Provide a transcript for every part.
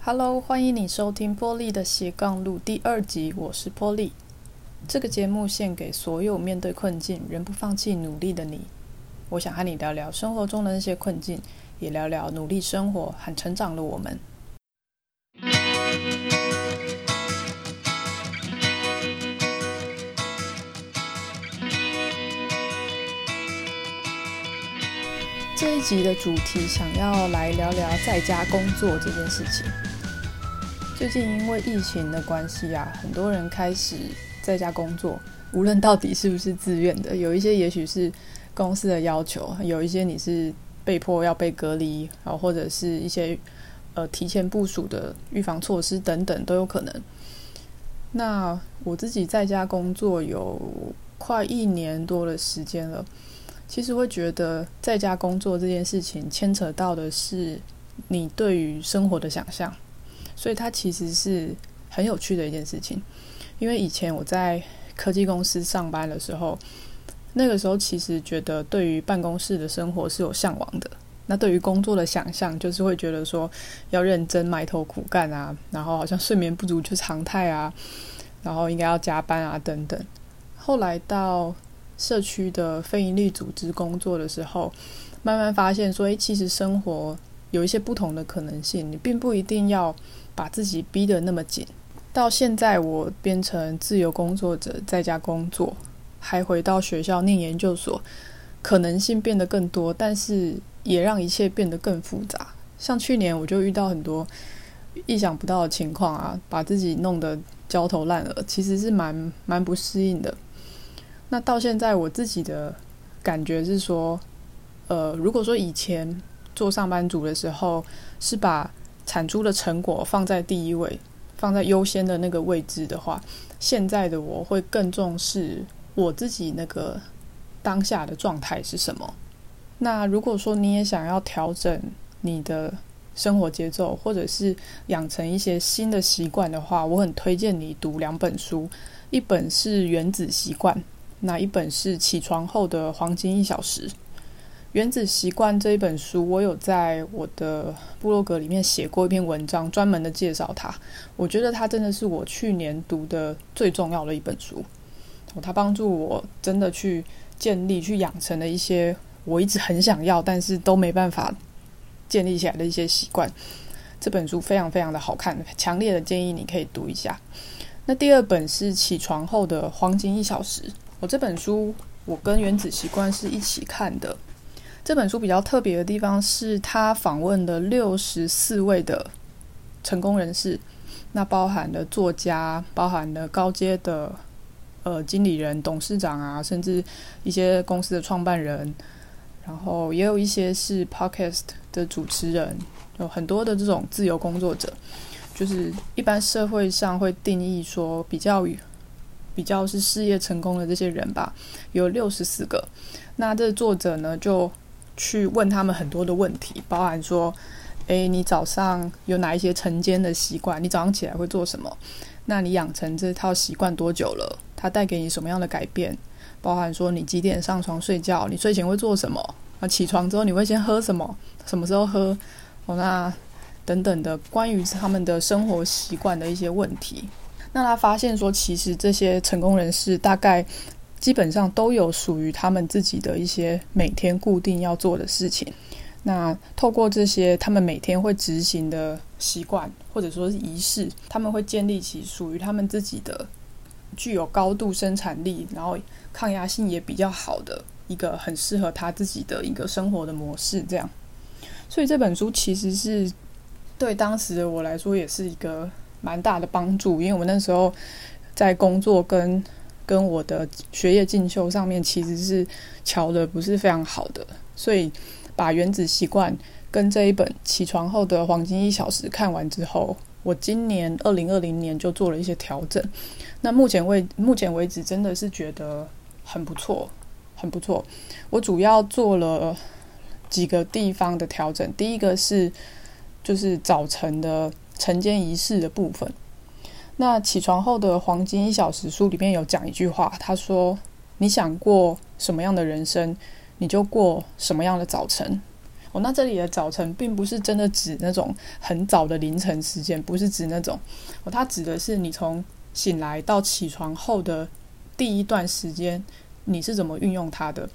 Hello，歡迎你收聽《波麗的斜槓路》第二集，我是波麗。這個節目獻給所有面對困境仍不放棄努力的你。我想和你聊聊生活中的那些困境，也聊聊努力生活、和成長的我們。這一集的主題想要來聊聊在家工作這件事情。最近因為疫情的關係啊，很多人開始在家工作。無論到底是不是自願的，有一些也許是公司的要求，有一些你是被迫要被隔離。然後或者是一些呃提前部署的預防措施等等都有可能。那我自己在家工作有快一年多的時間了，其實會覺得在家工作這件事情牽扯到的是你對於生活的想象。所以它其實是很有趣的一件事情，因為以前我在科技公司上班的時候，那個時候其實覺得對於辦公室的生活是有向往的。那對於工作的想象，就是會覺得說要認真埋頭苦幹啊，然後好像睡眠不足就常態啊，然後應該要加班啊等等。後來到社區的非營利組織工作的時候，慢慢發現說，誒、欸，其實生活，有一些不同的可能性，你並不一定要把自己逼得那麼緊。到現在，我變成自由工作者，在家工作，還回到學校念研究所，可能性變得更多，但是也讓一切變得更複雜。像去年，我就遇到很多意想不到的情況啊，把自己弄得焦頭爛額，其實是蠻蠻不適應的。那到現在，我自己的感覺是說，呃，如果說以前。做上班族的時候，是把產出的成果放在第一位，放在優先的那個位置的話，現在的我會更重視我自己那個當下的狀態是什麼。那如果說你也想要調整你的生活節奏，或者是養成一些新的習慣的話，我很推薦你讀兩本書，一本是《原子習慣》，那一本是《起床後的黃金一小時》。《原子習慣》這一本書，我有在我的部落格裡面寫過一篇文章，專門的介紹它。我覺得它真的是我去年讀的最重要的一本書，它幫助我真的去建立、去養成了一些我一直很想要，但是都沒辦法建立起來的一些習慣。這本書非常非常的好看，強烈的建議你可以讀一下。那第二本是《起床後的黃金一小時》。我這本書，我跟《原子習慣》是一起看的。這本書比較特別的地方是他訪問的六十四位的成功人士，那包含了作家，包含了高階的呃經理人、董事長啊，甚至一些公司的創辦人，然後也有一些是 podcast 的主持人，有很多的這種自由工作者，就是一般社會上會定義說比較比較是事業成功的這些人吧，有六十四個。那這作者呢就。去問他們很多的問題，包含說，誒、欸，你早上有哪一些晨間的習慣？你早上起來會做什麼？那你養成這套習慣多久了？它帶給你什麼樣的改變？包含說你幾點上床睡覺？你睡前會做什麼？啊，起床之後你會先喝什麼？什麼時候喝？哦，那等等的關於他們的生活習慣的一些問題。那他發現說，其實這些成功人士大概。基本上都有屬於他們自己的一些每天固定要做的事情。那透過這些他們每天會執行的習慣，或者說是儀式，他們會建立起屬於他們自己的、具有高度生產力，然後抗壓性也比較好的一個很適合他自己的一個生活的模式。這樣，所以這本書其實是對當時的我來說也是一個蠻大的幫助，因為我那時候在工作跟。跟我的學業進修上面其實是喬的不是非常好的，所以把《原子習慣》跟這一本《起床後的黃金一小時》看完之後，我今年二零二零年就做了一些調整。那目前為目前為止真的是覺得很不錯，很不錯。我主要做了幾個地方的調整，第一個是就是早晨的晨間儀式的部分。那起床後的黃金一小時書裡面有講一句話，他說：“你想過什麼樣的人生，你就過什麼樣的早晨。”哦，那這裡的早晨並不是真的指那種很早的凌晨時間，不是指那種，哦，它指的是你從醒來到起床後的第一段時間，你是怎麼運用它的？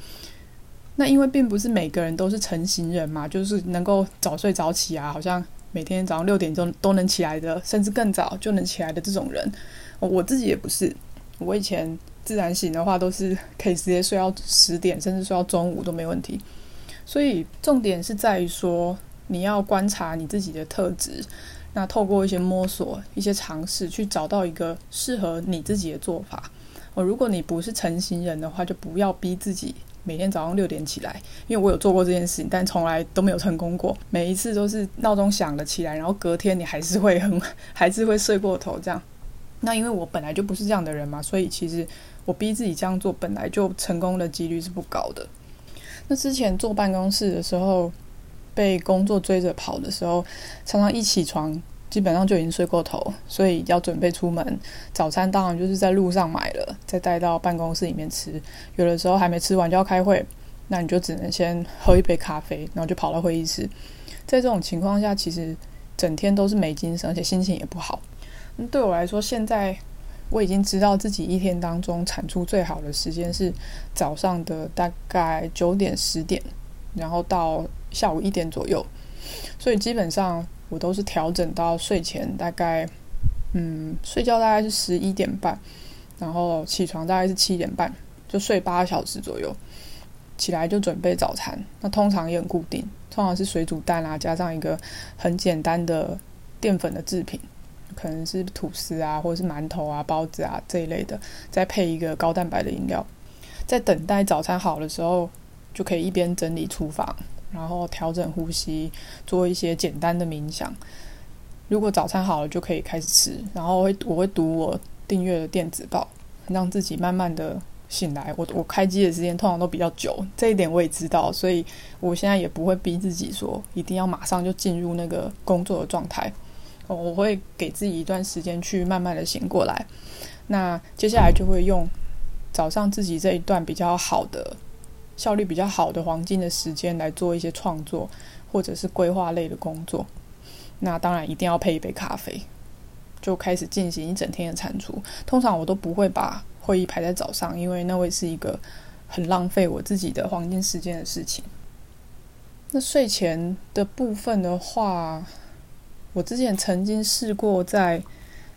那因為並不是每個人都是晨型人嘛，就是能夠早睡早起啊，好像。每天早上六點鐘都能起來的，甚至更早就能起來的這種人，我自己也不是。我以前自然醒的話，都是可以直接睡到十點，甚至睡到中午都沒問題。所以重點是在於說，你要觀察你自己的特質，那透過一些摸索、一些嘗試，去找到一個適合你自己的做法。哦，如果你不是晨型人的話，就不要逼自己。每天早上六點起來，因為我有做過這件事情，但從來都沒有成功過。每一次都是鬧鐘響了起來，然後隔天你還是會很，還是會睡過頭這樣。那因為我本來就不是這樣的人嘛，所以其實我逼自己這樣做，本來就成功的幾率是不高的。那之前坐辦公室的時候，被工作追着跑的時候，常常一起床，基本上就已經睡過頭，所以要準備出門。早餐當然就是在路上買了，再帶到辦公室裡面吃。有的時候還沒吃完就要開會，那你就只能先喝一杯咖啡，然後就跑到會議室。在這種情況下，其實整天都是沒精神，而且心情也不好。對我來說，現在我已經知道自己一天當中產出最好的時間是早上的大概九點十點，然後到下午一點左右。所以基本上。我都是調整到睡前大概，嗯，睡覺大概是十一點半，然後起床大概是七點半，就睡八小時左右。起來就準備早餐，那通常也很固定，通常是水煮蛋啦、啊，加上一個很簡單的澱粉的製品，可能是吐司啊，或者是饅頭啊、包子啊這一類的，再配一個高蛋白的飲料。在等待早餐好的時候，就可以一邊整理廚房。然後調整呼吸，做一些簡單的冥想。如果早餐好了，就可以開始吃。然後我會我會讀我訂閱的電子報，讓自己慢慢的醒來。我我開機的時間通常都比較久，這一點我也知道，所以我現在也不會逼自己說一定要馬上就進入那個工作的狀態。我會給自己一段時間去慢慢的醒過來。那接下來就會用早上自己這一段比較好的。效率比較好的黃金的時間來做一些創作或者是規劃類的工作，那當然一定要配一杯咖啡，就開始進行一整天的產出。通常我都不會把會議排在早上，因為那會是一個很浪費我自己的黃金時間的事情。那睡前的部分的話，我之前曾經試過在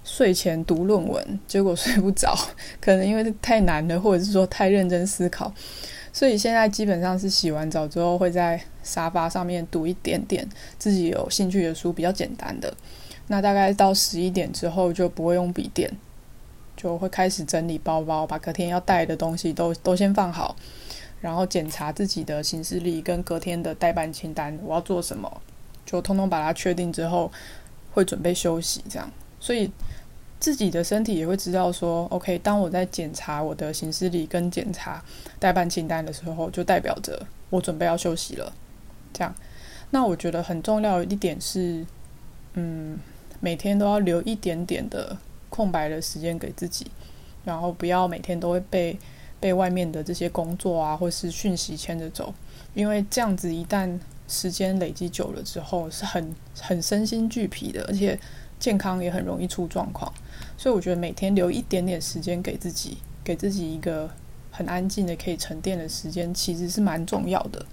睡前讀論文，結果睡不着，可能因為太難了，或者是說太認真思考。所以現在基本上是洗完澡之後會在沙發上面讀一點點自己有興趣的書，比較簡單的。那大概到十一點之後就不會用筆電，就會開始整理包包，把隔天要帶的東西都都先放好，然後檢查自己的行事曆跟隔天的代辦清單，我要做什麼，就通通把它確定之後會準備休息。這樣，所以。自己的身體也會知道說，OK，當我在檢查我的行事歷跟檢查待辦清單的時候，就代表着我準備要休息了。這樣，那我覺得很重要的一點是，嗯，每天都要留一點點的空白的時間給自己，然後不要每天都會被被外面的這些工作啊，或是訊息牽着走，因為這樣子一旦時間累積久了之後，是很很身心俱疲的，而且健康也很容易出狀況。所以我覺得每天留一點點時間給自己，給自己一個很安靜的可以沉澱的時間，其實是蠻重要的。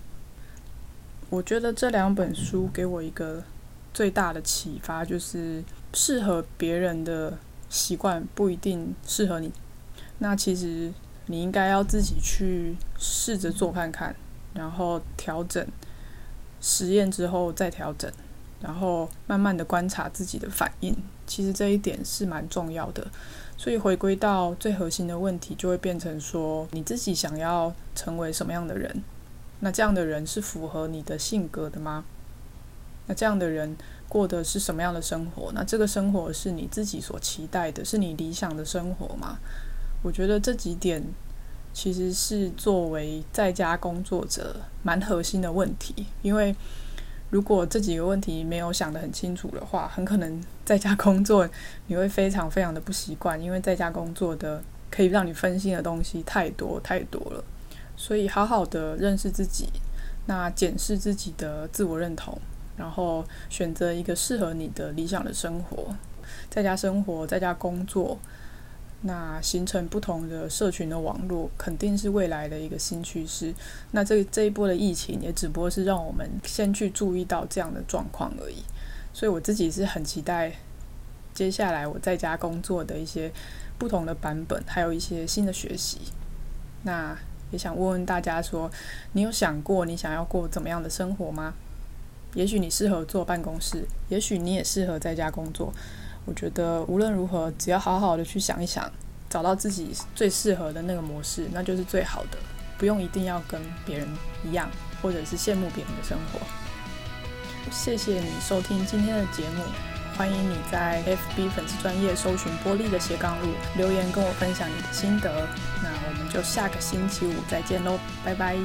我覺得這兩本書給我一個最大的啟發，就是適合別人的習慣不一定適合你。那其實你應該要自己去試着做看看，然後調整，實驗之後再調整，然後慢慢的觀察自己的反應。其實這一點是蠻重要的，所以回歸到最核心的問題，就會變成說：你自己想要成為什麼樣的人？那這樣的人是符合你的性格的嗎？那這樣的人過的是什麼樣的生活？那這個生活是你自己所期待的，是你理想的生活嗎？我覺得這幾點其實是作為在家工作者蠻核心的問題，因為如果這幾個問題沒有想得很清楚的話，很可能在家工作你會非常非常的不習慣，因為在家工作的可以讓你分心的東西太多太多了。所以好好的認識自己，那檢視自己的自我認同，然後選擇一個適合你的理想的生活，在家生活，在家工作。那形成不同的社群的網絡，肯定是未來的一個新趨勢。那這這一波的疫情也只不過是讓我們先去注意到這樣的狀況而已。所以我自己是很期待接下來我在家工作的一些不同的版本，還有一些新的學習。那也想問問大家說，說你有想過你想要過怎麼樣的生活嗎？也許你適合坐辦公室，也許你也適合在家工作。我覺得無論如何，只要好好的去想一想，找到自己最適合的那個模式，那就是最好的，不用一定要跟別人一樣，或者是羨慕別人的生活。謝謝你收聽今天的節目，歡迎你在 FB 粉絲專頁搜尋“玻璃的斜槓路”，留言跟我分享你的心得。那我們就下個星期五再見嘍，拜拜。